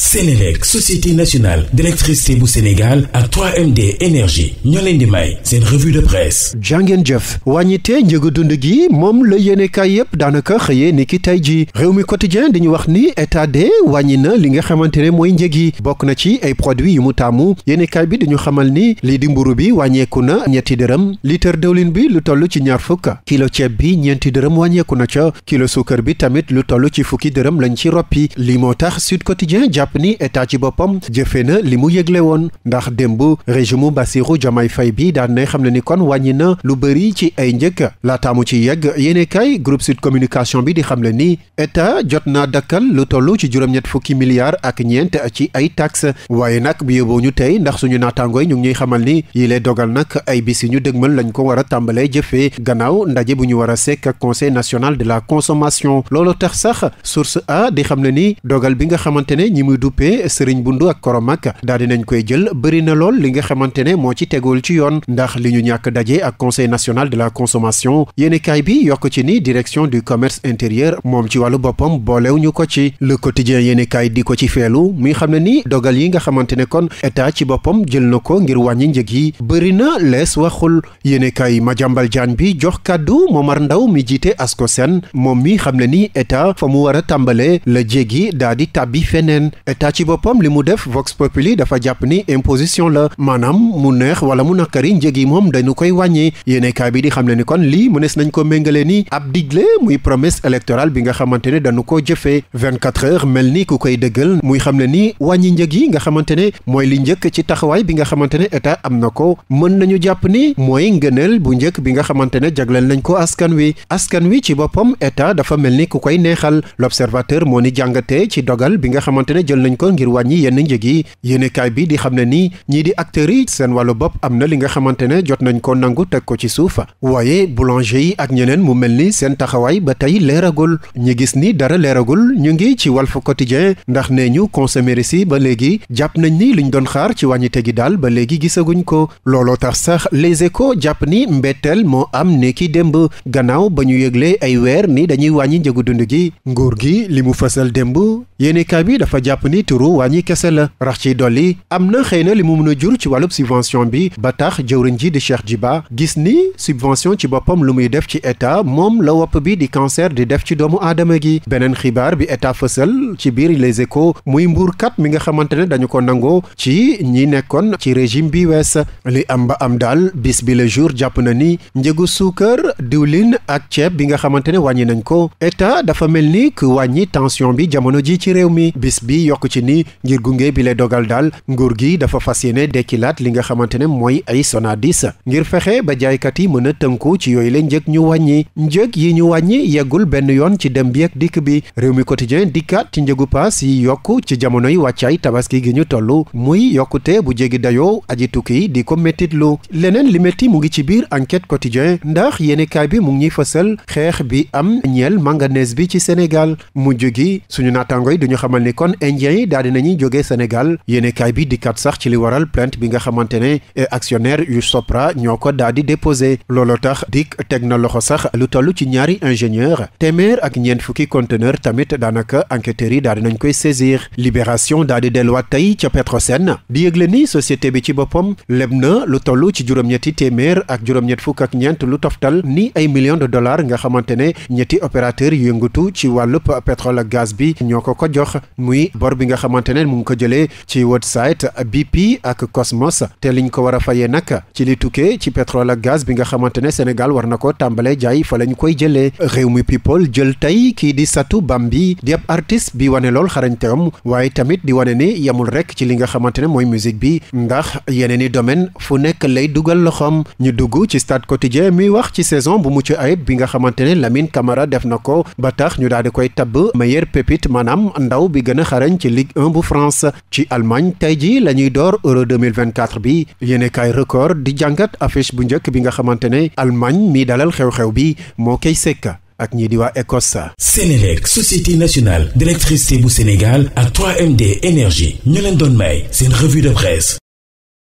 Sénélec société nationale d'électricité bu Sénégal ak 3MD énergie ñoo leen di may seen revue de presse jàngeen jëf wàññite njëgu dund gi moom la yéenekaay yépp daanaka xëyee ni ki tey ji réew mi quotidien dañu wax ni état de wàññi na li nga xamante ne mooy njëg yi bokk na ci ay produits yu mu taamu yéenekaay bi dañu xamal ni lii di mburu bi wàññeeku na ñetti dërëm litre dëwlin bi lu toll ci ñaar fukk kilo ceeb bi ñeenti dërëm wàññeeku na ca kilo suukar bi tamit lu toll ci fukki dërëm lañ ci roppi li moo tax Sud Quotidien jàpp jàpp ni état ci boppam jëfee na li mu yëgle woon ndax démb régime Bassirou Diomaye fay bi daan nay xam ne ni kon wàññi na lu bëri ci ay njëkk laataamu ci yegg yéene kay groupe Sud Communication bi di xam ne ni état jot naa dakkal lu toll ci juróom-ñett fukki milliards ak ñeent ci ay taxes waaye nag bi yóbboo ñu tey ndax suñu naataangooy ñu ngi ñuy xamal ni yi lay dogal nag ay bis yu ñu dëgmal lañ ko war a tàmbalee jëfee gannaaw ndaje bu ñu war a sekk conseil national de la consommation loolu duppee Serigne Bundu ak Koromak daal dinañ koy jël bëri na lool li nga xamante ne moo ci tegul ci yoon ndax li ñu ñàkk daje ak conseil national de la consommation yéenekaay bi yokk ci ni direction du commerce intérieur moom ci wàllu boppam boolew ñu ko ci le quotidien yéenekaay di ko ci feelu muy xam ne ni dogal yi nga xamante ne kon état ci boppam jël na ko ngir wàññi njëg yi bëri na lees waxul yenekaay ma jàmbal Diagne bi jox kàddu Momar Ndaw mi jiite ASCOSEN moom mi xam ne ni état fa mu war a tàmbalee la jéggi daa di tàbbi feneen état ci boppam li mu def Vox Populi dafa jàpp ni imposition la maanaam mu neex wala mu naqari njëg yi moom dañu koy wàññee yéenekaay bi di xam ne ni kon lii mënees nañ ko méngale ni ab digle muy promesse électorale bi nga xamante ne dañu ko jëfee 24 heures mel ni ku koy dëggal muy xam ne ni wàññi njëg yi nga xamante ne mooy li njëkk ci taxawaay bi nga xamante ne état am na ko mën nañu jàpp ni mooy ngëneel bu njëkk bi nga xamante ne jagleel nañ ko askan wi askan wi ci boppam état dafa mel ni ku koy neexal l'observateur moo ni jàngatee ci dogal bi nga xamante jël nañ ko ngir wàññi yenn njëg yi yéenekaay bi di xam ne ni ñii di acteurs yi seen wàllu bopp am na li nga xamante ne jot nañ ko nangu teg ko ci suuf waaye boulanger yi ak ñeneen mu mel ni seen taxawaay ba tey leeragul ñu gis ni dara leeragul ñu ngi ci Walf Quotidien ndax nee ñu consommateurs si ba léegi jàpp nañ ni liñ doon xaar ci wàññite gi daal ba léegi gisaguñ ko looloo tax sax Les ko jàpp ni mbetteel moo am ne ki démb gannaaw ba ñu yégle ay weer ni dañuy wàññi njëgu dund gi gi ni turu wàññi kese la rax ci dolli am na xëy na li mu mën a jur ci wàllub subvention bi ba tax jëwriñ ji di Cheikh Djiba gis ni subvention ci boppam lu muy def ci état moom la wopp bi di cancer di def ci doomu aadama gi beneen xibaar bi état fësal ci biir les ko muy mbuur mbuurkat mi nga xamante ne dañu ko nangoo ci ñi nekkoon ci régime bi wees li am ba am daal bis bi la jour jàpp na ni njëgu suukar diwlin ak ceeb bi nga xamante ne wàññi nañ ko état dafa mel ni wàññi tension bi jamono ji ci réew mi yokk ci ni ngir gunge bi lay dogal daal nguur gi dafa fas yéene dekkilaat li nga xamante ne mooy ay sa ngir fexe ba jaaykat yi mën a tënku ci yooyu la njëg ñu wàññi njëg yi ñu wàññi yeggul benn yoon ci dem bi ak dikk bi réew mi quotidien dikkaat ci njëgu paas yi yokk ci jamonoy wàccaay tabaski gi ñu toll muy yokkute bu jéggi dayoo aji tukki di ko mettitlu leneen li metti mu ngi ci biir enquête quotidien ndax yéenekaay bi mu ngi ñuy fësal xeex bi am ñeel manganèse bi ci Sénégal mujj gi suñu naataango yi indien yi daal di nañuy jóge Sénégal yéenekaay bi dikkat sax ci li waral plainte bi nga xamante ne eh, actionnaire yu Sopra ñoo ko daal di déposé looloo tax dik teg na loxo sax lu toll ci ñaari ingénieur téeméer ak ñeent fukki conteneur tamit daanaka enquêteurs yi daal di nañ koy saisir libération daal di delluwaat tey ca Petrosen di yëgle ni société bi ci boppam leb na lu tollu ci juróom téeméer ak juróom fukk ak ñeent lu toftal ni ay million de dollars nga xamante ne ñetti opérateur yu yëngatu ci wàllub gaz bi ñoo ko ko jox bor bi nga xamante ne mu ngi ko jëlee ci website BP ak Cosmos te li liñ ko war a fayee nag ci li tukkee ci pétrole ak gaz bi nga xamante ne Sénégal war na ko tàmbalee jaay fa lañ koy jëlee réew mi people jël tey kii di Satu Bambi di ab artiste bi wane lool am waaye tamit di wane ni yamul rek ci li nga xamante ne mooy musique bi ndax yeneen i domaine fu nekk lay dugal loxoom ñu dugg ci stade quotidien muy wax ci saison bu mucc ayib bi nga xamante ne Lamine Camara def na ko ba tax ñu daal di koy tabb meilleur maanaam ndaw ci Ligue 1 bu France ci Allemagne tey jii la ñuy door Euro 2024 bi yénekaay kaay record di jàngat affiche bu njëkk bi nga xamante ne Allemagne mi dalal xew-xew bi moo koy sekk ak ñii di waa Écosse. Sénélec société nationale d'électricité bu Sénégal ak 3MD énergie ñu leen doon may seen revue de presse.